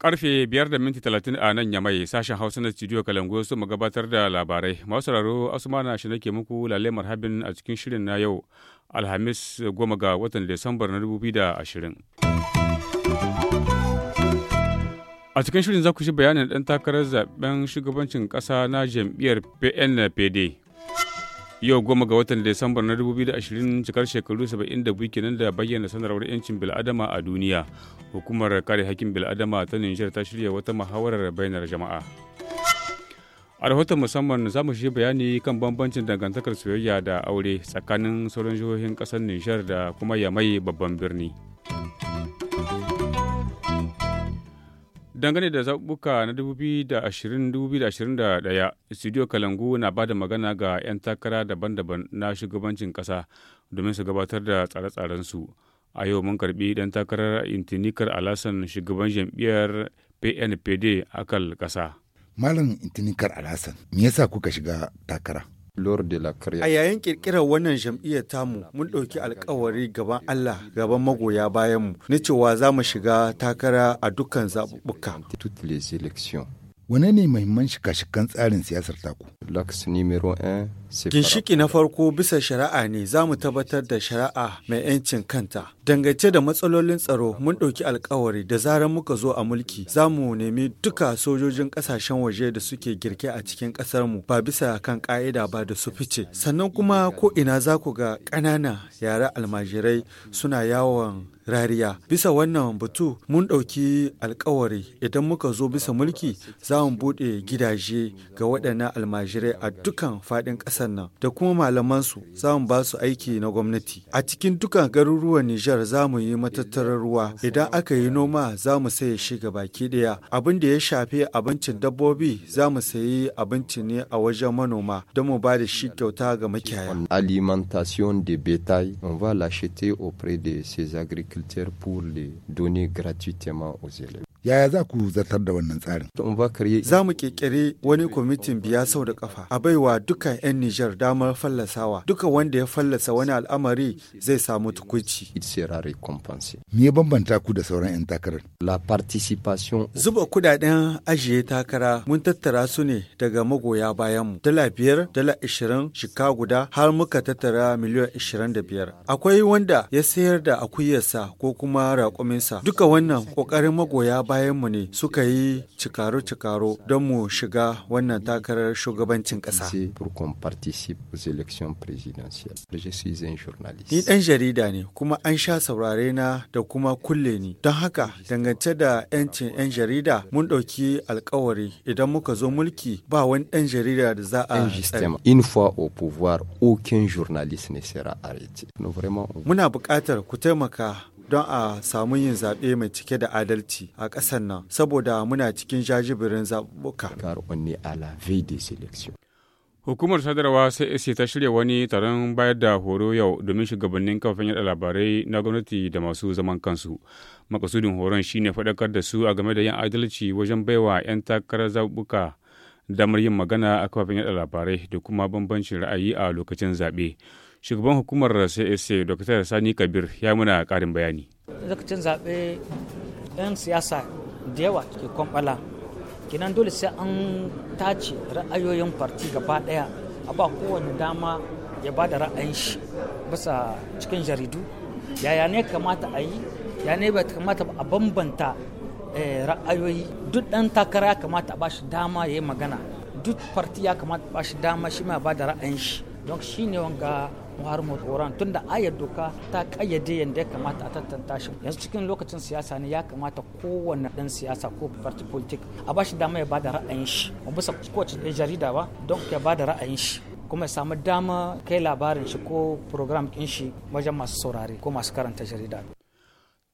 Karfe biyar da minti talatin a nan ya mai sashen Hausa na studio Kalangu sun gabatar da labarai. Masu sauraro Usmana shi nake muku lalle marhabin a cikin shirin na yau Alhamis goma ga watan Disambar na da ashirin. A cikin shirin za ku shi bayanin ɗan takarar zaben shugabancin ƙasa na jam'iyyar PNPD. Yau goma ga watan Desambar na 2020 cikar shekaru 72 kenan da bayyana sanarwar 'yancin bil'adama a duniya. Hukumar kare hakkin bil'adama ta Nijar ta shirya wata muhawarar bayanar jama'a. A rahoton musamman za mu shi bayani kan bambancin dangantakar soyayya da aure tsakanin sauran jihohin ƙasar Nijar da kuma Yamai babban birni. dangane da zaɓuɓɓuka na 2020-2021 studio kalangu na ba da magana ga 'yan takara daban-daban na shugabancin ƙasa domin su gabatar da tsare-tsarensu a yau mun karbi ɗan takarar intinikar alasan shugaban jam'iyyar pnpd akal ƙasa malam intinikar alasan me yasa kuka shiga takara A yayin kirkirar wannan jam'iyyar tamu mun ɗauki alkawari gaban Allah gaban magoya bayanmu na cewa za mu shiga takara a dukkan zaɓuɓɓuka. Wane ne mahimman shika-shikan tsarin siyasar taku? Lux numero Ginshiki na farko bisa shari'a ne za mu tabbatar da shari'a mai 'yancin kanta. Dangance da matsalolin tsaro mun ɗauki alkawari da zarar muka zo a mulki za mu nemi duka sojojin ƙasashen waje da suke girke a cikin ƙasarmu ba bisa kan ƙa'ida ba da su fice. Sannan kuma ko ina za ku ga ƙanana yara almajirai suna yawon rariya bisa wannan batu mun ɗauki alkawari idan muka zo bisa mulki za mu buɗe gidaje ga waɗannan almajirai a dukan faɗin ƙasa ƙasar nan da kuma malamansu za mu ba su aiki na gwamnati. A cikin dukan garuruwan Nijar za mu yi matattarar ruwa idan aka yi noma za mu saye shi ga baki ɗaya. Abin da ya shafi abincin dabbobi za mu sayi abinci ne a wajen manoma don mu ba da shi kyauta ga makiyaya. Alimentation de bétail, on va l'acheter auprès de ces agriculteurs pour les donner gratuitement aux élèves. Yaya za ku zartar da wannan tsarin? Za mu kekere wani kwamitin biya sau da kafa a baiwa dukkan 'yan Nijar damar fallasawa. Duka wanda ya fallasa wani al'amari zai samu tukunci. Me ya bambanta ku da sauran 'yan takarar? La participation. Zuba kudaden ajiye takara mun tattara su ne daga magoya bayan mu. Dala biyar, dala ashirin, shika guda har muka tattara miliyan ashirin da biyar. Akwai wanda ya sayar da akuyarsa ko kuma raƙuminsa. Duka wannan ƙoƙarin magoya bayan bayanmu ne suka yi cikaro-cikaro don mu shiga wannan takarar shugabancin ƙasa. Ni ɗan jarida ne kuma an sha saurare na da kuma kulle ni. Don haka dangance da 'yancin 'yan jarida mun ɗauki alkawari idan muka zo mulki ba wani ɗan jarida da za a Une au ne sera arrêté. Muna buƙatar ku taimaka don a samu yin zaɓe mai cike da adalci a ƙasar nan saboda muna cikin jajibirin zaɓuɓɓuka. Hukumar sadarwa CAC ta shirya wani taron bayar da horo yau domin shugabannin kafin yada labarai na gwamnati da masu zaman kansu. Makasudin horon shine faɗakar da su a game da yin adalci wajen baiwa 'yan takarar zaɓuɓɓuka damar yin magana a kafin yada labarai da kuma bambancin ra'ayi a lokacin zaɓe. shugaban hukumar csa dr sani kabir ya muna karin bayani lokacin zaɓe 'yan siyasa da yawa ke kwamfala kinan dole sai an tace ra'ayoyin farti gaba ɗaya a ba kowane dama ya ba da ra'ayin shi bisa cikin jaridu yaya ne kamata a yi ya ne bai kamata a bambanta eh, ra'ayoyi duk ɗan takara ya kamata a ba shi dama ya yi magana duk farti ya kamata a ba shi dama shi ma ba da ra'ayin shi don shi ne wanga harin tun tunda ayar doka ta kayyade yadda ya kamata a tantanta shi yanzu cikin lokacin siyasa ne ya kamata kowanne dan siyasa ko party politic a bashi dama ya bada ra'ayin shi ba bisa kowace jarida ba don ya bada ra'ayin shi kuma ya samu dama kai labarin shi ko program ɗin shi wajen masu saurare ko masu karanta jarida.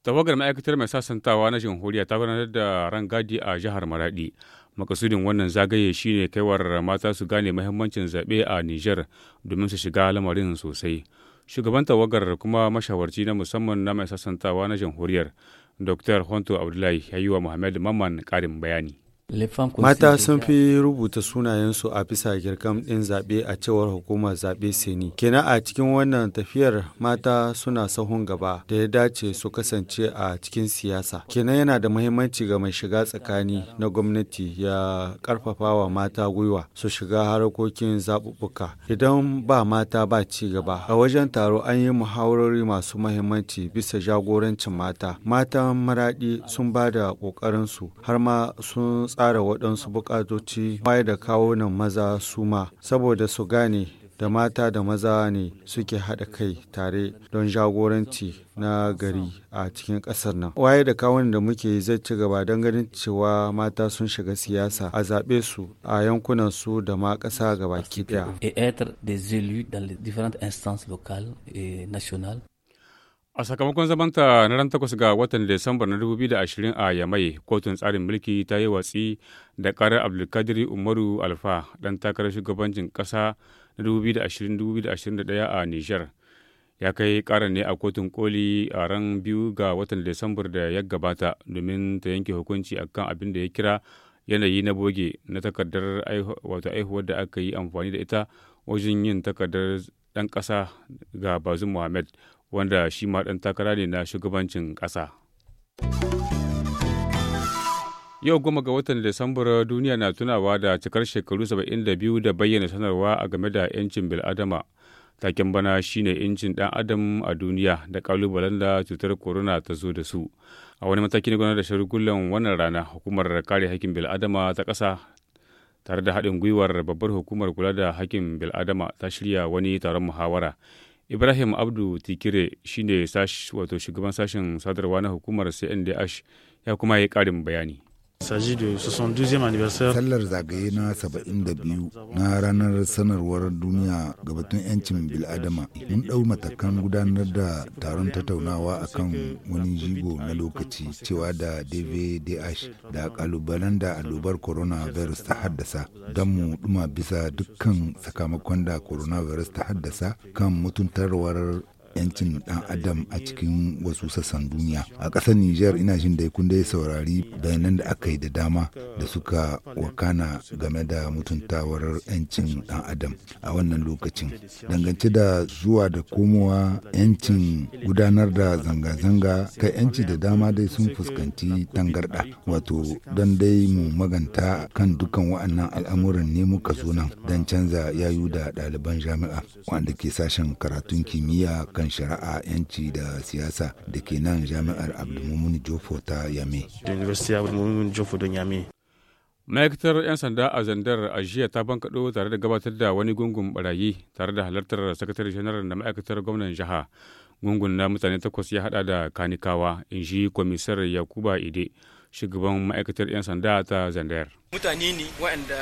Tawagar ma'aikatar mai sasantawa na jamhuriya ta gudanar da rangadi a jihar Maradi. makasudin wannan zagaye shine kaiwar mata su gane mahimmancin zaɓe a niger domin su shiga lamarin sosai shugaban tawagar kuma mashawarci na musamman na mai sassantawa na jamhuriyar dr honto abdullahi ya yi wa muhammad mamman ƙarin bayani Mata sun fi rubuta sunayensu a bisa girgam ɗin zaɓe a cewar hukumar zaɓe Seni. Kenan a cikin wannan tafiyar mata suna sahun gaba da ya dace su kasance a cikin siyasa. Kenan yana da muhimmanci ga mai shiga tsakani na gwamnati ya ƙarfafa wa mata gwiwa su shiga harkokin zaɓuɓɓuka. Idan ba mata ba ci gaba. A wajen taro an yi muhawarori masu muhimmanci bisa jagorancin mata. Matan maraɗi sun ba da ƙoƙarinsu har ma sun tsara waɗansu buƙatoci waye da kawunan maza su ma saboda su gane da mata da maza ne suke haɗa kai tare don jagoranci na gari a cikin ƙasar nan. Waye da kawun da muke zai ci gaba don ganin cewa mata sun shiga siyasa a zaɓe su a yankunan su da ma ƙasa gabaki ɗaya. A sakamakon zamanta na ran takwas ga watan Desamba na 2020 a Yamai, kotun tsarin mulki ta yi watsi da karar Abdulkadir Umaru Alfa dan takarar shugabancin ƙasa na 2020-2021 a Nijar. Ya kai karar ne a kotun koli a ran biyu ga watan Desamba da ya gabata domin ta yanke hukunci akan abin da ya kira yanayi na boge na takardar wato aihuwar da aka yi amfani da ita wajen yin takardar ɗan ƙasa ga Bazin Muhammad wanda shi ma ɗan takara ne na shugabancin ƙasa. Yau goma ga watan Disambar duniya na tunawa da cikar shekaru 72 da bayyana sanarwa a game da 'yancin bil'adama. Taken bana shine 'yancin ɗan adam a duniya da ƙalubalen da cutar corona ta zo da su. A wani mataki na gudanar da shirgullan wannan rana hukumar kare hakkin bil'adama ta ƙasa tare da haɗin gwiwar babbar hukumar kula da hakkin bil'adama ta shirya wani taron muhawara Ibrahim Abdu Tikire shine ne wato shugaban sashen sadarwa na hukumar CNDH ya kuma yi karin bayani. Sallar zagaye na 72 na ranar sanarwar duniya ga batun 'yancin bil'adama mun ɗau matakan gudanar da taron tattaunawa a kan wani jigo na lokaci cewa da DVDH da kalubalen da alubar coronavirus ta haddasa don mu ɗuma bisa dukkan sakamakon da coronavirus ta haddasa kan mutuntarwar yancin dan adam a cikin wasu sassan duniya a ƙasar niger ina jin dai kun dai saurari bayanan da aka yi da dama da suka wakana game da mutuntawar yancin dan adam a wannan lokacin dangance da zuwa da komowa yancin gudanar da zanga-zanga kai yanci da dama dai sun fuskanci tangarda wato don dai mu maganta kan dukan wa'annan al'amuran ne muka zo nan don canza yayu da ɗaliban jami'a wanda ke sashen karatun kimiyya kan kan shari'a yanci da siyasa da ke nan jami'ar abdulmumin jofo ta yame ma'aikatar 'yan sanda a zandar a jiya ta bankaɗo tare da gabatar da wani gungun barayi tare da halartar sakatare janar da ma'aikatar gwamnan jiha gungun na mutane takwas ya hada da kanikawa in ji kwamisar yakuba ide shugaban ma'aikatar 'yan sanda ta zandar mutane ne waɗanda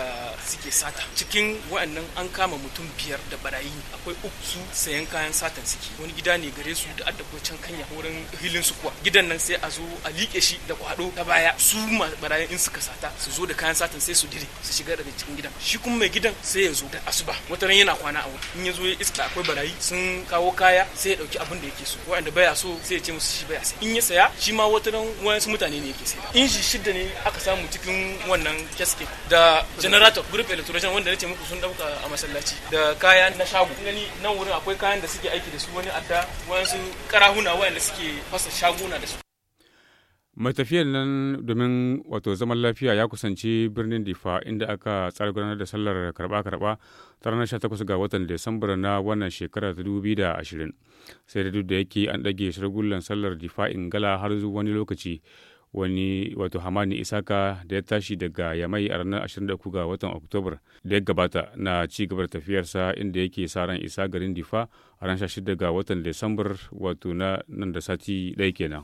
suke sata cikin waɗannan an kama mutum biyar da barayi akwai uku su sayan kayan satan suke wani gida ne gare su da adda can kanya wurin hilin su kuwa gidan nan sai a zo a liƙe shi da kwado ta baya su barayin in suka sata su zo da kayan satan sai su dire su shiga daga cikin gidan shi kuma mai gidan sai ya zo da asuba wata ran yana kwana a wuri in ya zo ya iska akwai barayi sun kawo kaya sai ya ɗauki abin da yake so waɗanda baya so sai ya ce musu shi baya sai in ya saya shi ma wata ran wayansu mutane ne yake sai shi shidda ne aka samu cikin wannan casket da generator group electrogen wanda nace muku sun dauka a masallaci da kaya na shago gani nan wurin akwai kayan da suke aiki da su wani adda wayansu karahuna wayanda suke fasa shaguna da su mai tafiyar nan domin wato zaman lafiya ya kusanci birnin difa inda aka tsara gudanar da sallar karba-karba ta ranar 18 ga watan desambar na wannan shekara ta ashirin sai da duk da yake an ɗage shirgullan sallar difa ingala har zuwa wani lokaci wani wato hamani isaka da ya tashi daga yamai a ranar 23 ga watan oktobar da ya gabata na ci gaba da tafiyarsa inda yake sa ran isa garin difa a ran 16 ga watan desambar wato na nan da sati ɗaya kenan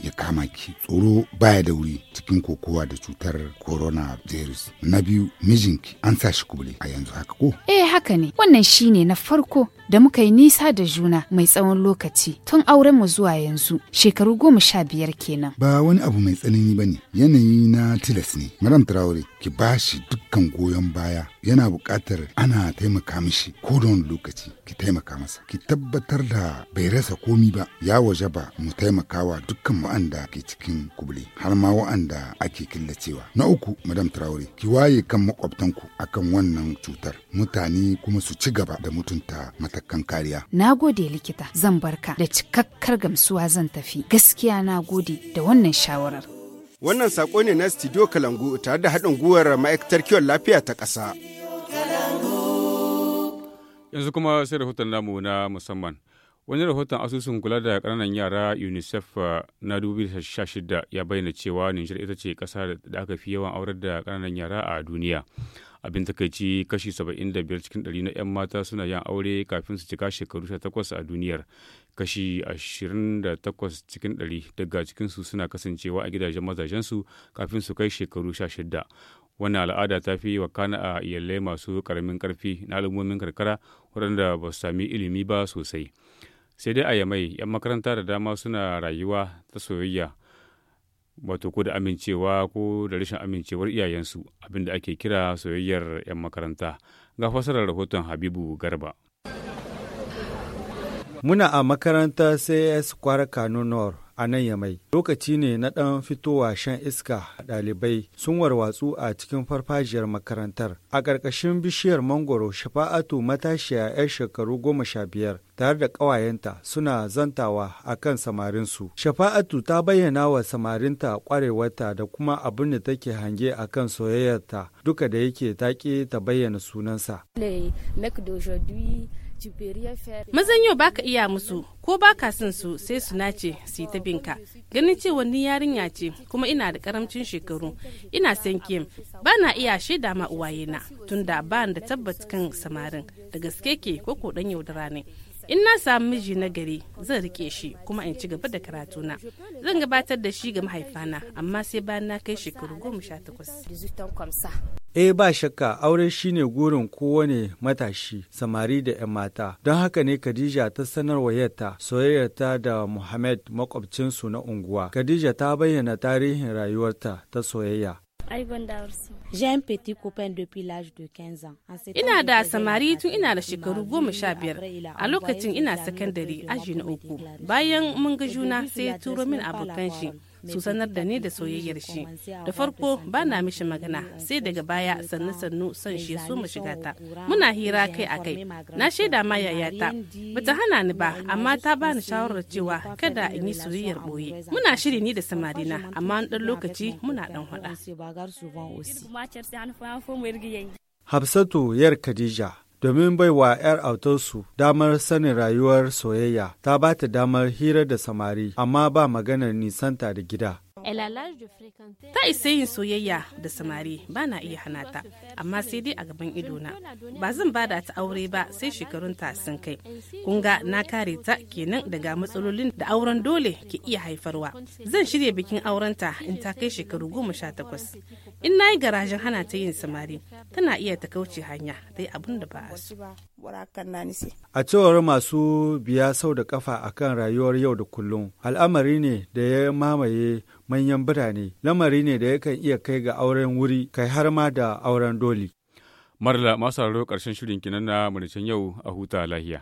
ya kama ki tsoro baya da wuri cikin kokowa da cutar coronavirus na biyu mijinki an sa shi kubule a yanzu haka ko eh haka ne wannan shine na farko da muka yi nisa da juna mai tsawon lokaci tun auren mu zuwa yanzu shekaru goma sha biyar kenan ba wani abu mai tsanani bane yanayi na tilas ne madam traore ki ba shi dukkan goyon baya yana buƙatar ana taimaka mishi ko da wani lokaci ki taimaka masa ki tabbatar da bai rasa komi ba ya waje ba mu taimakawa dukkan wa'anda ke cikin kubule har ma wa'anda ake killacewa na uku madam traore ki waye kan makwabtanku akan wannan cutar mutane kuma su ci gaba da mutunta matakan kariya na gode likita zan barka da cikakkar gamsuwa zan tafi gaskiya na gode da wannan shawarar Wannan sako ne na Studio Kalangu tare da haɗin gwiwar ma'aikatar kiwon lafiya ta ƙasa. Yanzu kuma sai rahoton namu na musamman. Wani rahoton asusun kula da ƙananan yara UNICEF uh, na 2016 ya bayyana cewa Nijar ita ce ƙasa da aka fi yawan aurar da ƙananan yara a duniya. abin takaici kashi 75 cikin 100 na 'yan mata suna yin aure kafin su cika shekaru 18 a duniyar kashi 28 cikin 100 daga cikinsu suna kasancewa a gidajen mazajensu kafin su kai shekaru 16 wannan al'ada ta fi wakana a iyalai masu karamin karfi na al'ummomin karkara waɗanda ba su sami ilimi ba sosai sai dai a yamai 'yan makaranta da dama suna rayuwa ta soyayya wato ko da amincewa ko da rashin amincewar iyayensu abinda ake kira soyayyar 'yan makaranta ga fasarar rahoton habibu garba muna a makarantar cs kwara kano nor a nan yamai. Lokaci ne na ɗan fitowa shan iska a ɗalibai sun warwatsu a cikin farfajiyar makarantar. A ƙarƙashin bishiyar mangoro shafa'atu matashiya 'yar shekaru goma sha biyar tare da ƙawayenta suna zantawa a kan samarinsu. Shafa'atu ta bayyana wa samarinta ƙwarewarta da kuma abin da take hange a kan soyayyarta duka da yake ta ta bayyana sunansa. Mazan yau ba ka iya musu ko ba ka son su sai su nace su yi ta binka. Ganin ce wani yarinya ce kuma ina da karamcin shekaru. Ina san kim ba na iya shaida ma uwayena tunda ba da tabbat kan samarin da gaske ke ko ko dan yaudara ne. in na samu miji na gari zan rike shi kuma in ci gaba da karatuna zan gabatar da shi ga mahaifana amma sai bayan na kai shekaru goma sha takwas E ba shakka aure shine gurin kowane matashi samari da 'yan mata don haka ne Khadija ta sanar wayarta soyayyarta da Muhammad makwabcinsu na unguwa. Khadija ta bayyana tarihin rayuwarta ta soyayya. Ina da samari tun ina da shekaru goma sha biyar a lokacin ina sakandare aji na uku. Bayan mun ga juna sai turo min abokan shi. su sanar da ni da soyayyar shi da farko ba na mishi magana sai daga baya sannu sannu son shi su mu shiga ta muna hira kai a kai na shaida ma yayata bata hana ni ba amma ta ba ni shawarar cewa kada in yi soyayyar boye muna shiri ni da samari na amma dan lokaci muna dan hada Hafsatu yar Khadija domin bai wa 'yar autarsu damar sanin rayuwar soyayya ta ba ta damar hira da samari amma ba maganar nisanta da gida. Ta isa yin soyayya da samari ba na iya hana ta, amma sai dai a gaban idona. Ba zan ba da ta aure ba sai shekarun ta sun kai. Kun ga na kare ta kenan daga matsalolin da auren dole ke iya haifarwa. Zan shirya bikin auren ta in ta kai shekaru goma sha takwas. In na yi garajin hana ta yin samari, tana iya ta kauce hanya, dai abin da ba a so. A cewar masu biya sau da kafa kan rayuwar yau da kullum, al'amari ne da ya mamaye manyan birane, lamari ne da yakan iya kai ga auren wuri kai har ma da auren doli. Marla masu ƙarshen shirin kinan na yau a huta lahiya.